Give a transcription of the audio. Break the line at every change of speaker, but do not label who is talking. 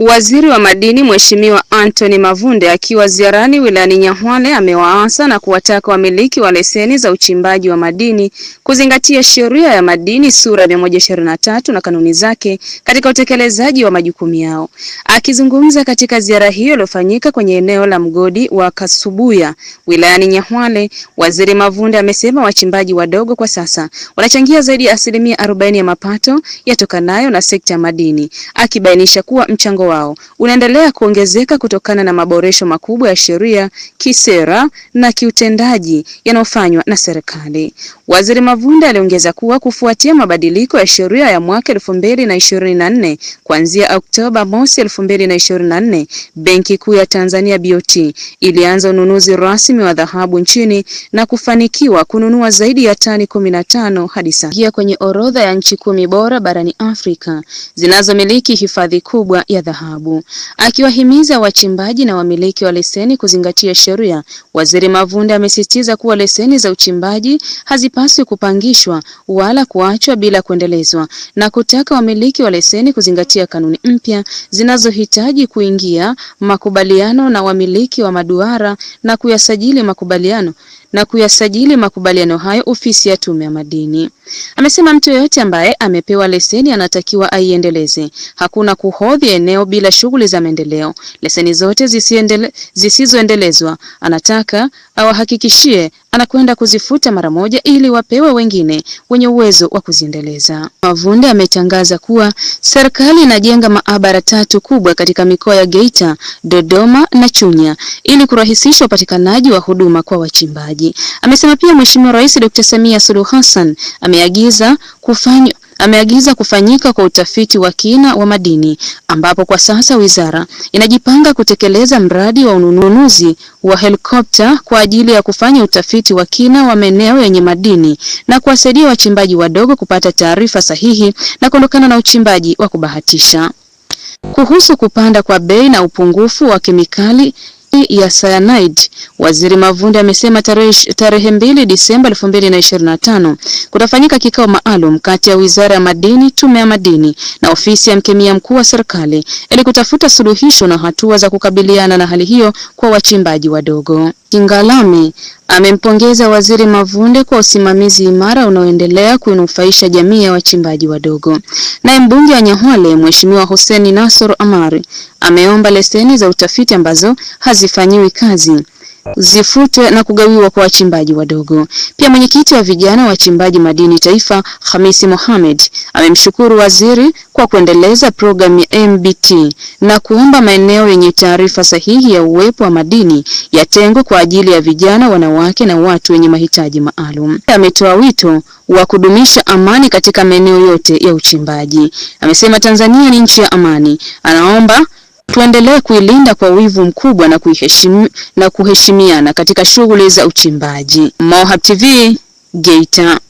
Waziri wa Madini Mheshimiwa Anthony Mavunde akiwa ziarani wilayani Nyang'hwale amewaasa na kuwataka wamiliki wa leseni za uchimbaji wa madini kuzingatia Sheria ya Madini sura ya 123 na kanuni zake katika utekelezaji wa majukumu yao. Akizungumza katika ziara hiyo iliyofanyika kwenye eneo la mgodi wa Kasubuya wilayani Nyang'hwale, Waziri Mavunde amesema wachimbaji wadogo kwa sasa wanachangia zaidi ya asilimia 40 ya mapato yatokanayo na sekta ya madini, akibainisha kuwa mchango wao unaendelea kuongezeka kutokana na maboresho makubwa ya sheria, kisera na kiutendaji yanayofanywa na serikali. Waziri Mavunde aliongeza kuwa kufuatia mabadiliko ya sheria ya mwaka 2024 kuanzia Oktoba mosi 2024, Benki Kuu ya Tanzania BOT ilianza ununuzi rasmi wa dhahabu nchini na kufanikiwa kununua zaidi ya tani 15 hadi sasa kwenye orodha ya nchi kumi bora barani Afrika zinazomiliki hifadhi kubwa ya dhahabu dhahabu. Akiwahimiza wachimbaji na wamiliki wa leseni kuzingatia sheria, Waziri Mavunde amesisitiza kuwa leseni za uchimbaji hazipaswi kupangishwa wala kuachwa bila kuendelezwa na kutaka wamiliki wa leseni kuzingatia kanuni mpya zinazohitaji kuingia makubaliano na wamiliki wa maduara na kuyasajili makubaliano na kuyasajili makubaliano hayo ofisi ya Tume ya Madini. Amesema mtu yeyote ambaye amepewa leseni anatakiwa aiendeleze. Hakuna kuhodhi eneo bila shughuli za maendeleo. Leseni zote zisizoendelezwa anataka awahakikishie anakwenda kuzifuta mara moja ili wapewe wengine wenye uwezo wa kuziendeleza. Mavunde ametangaza kuwa serikali inajenga maabara tatu kubwa katika mikoa ya Geita, Dodoma na Chunya ili kurahisisha upatikanaji wa huduma kwa wachimbaji. Amesema pia Mheshimiwa Rais Dr. Samia Suluhu Hassan ameagiza kufanywa ameagiza kufanyika kwa utafiti wa kina wa madini ambapo kwa sasa wizara inajipanga kutekeleza mradi wa ununuzi wa helikopta kwa ajili ya kufanya utafiti wa kina wa maeneo yenye madini na kuwasaidia wachimbaji wadogo kupata taarifa sahihi na kuondokana na uchimbaji wa kubahatisha. Kuhusu kupanda kwa bei na upungufu wa kemikali ya cyanide. Waziri Mavunde amesema tarehe, tarehe mbili Disemba 2025 kutafanyika kikao maalum kati ya Wizara ya Madini, Tume ya Madini na Ofisi ya Mkemia Mkuu wa Serikali ili kutafuta suluhisho na hatua za kukabiliana na hali hiyo kwa wachimbaji wadogo. Kingalame amempongeza Waziri Mavunde kwa usimamizi imara unaoendelea kuinufaisha jamii ya wachimbaji wadogo. Naye mbunge wa Nyahwale Mheshimiwa Hussein Nasor Amari ameomba leseni za utafiti ambazo haz zifanyiwe kazi zifutwe na kugawiwa kwa wachimbaji wadogo. Pia mwenyekiti wa vijana wachimbaji madini taifa Hamisi Mohamed amemshukuru waziri kwa kuendeleza programu ya MBT na kuomba maeneo yenye taarifa sahihi ya uwepo wa madini yatengwe kwa ajili ya vijana, wanawake na watu wenye mahitaji maalum. Ametoa wito wa kudumisha amani katika maeneo yote ya uchimbaji. Amesema Tanzania ni nchi ya amani. Anaomba Tuendelee kuilinda kwa wivu mkubwa na kuiheshimu na kuheshimiana katika shughuli za uchimbaji. MOHAB TV Geita.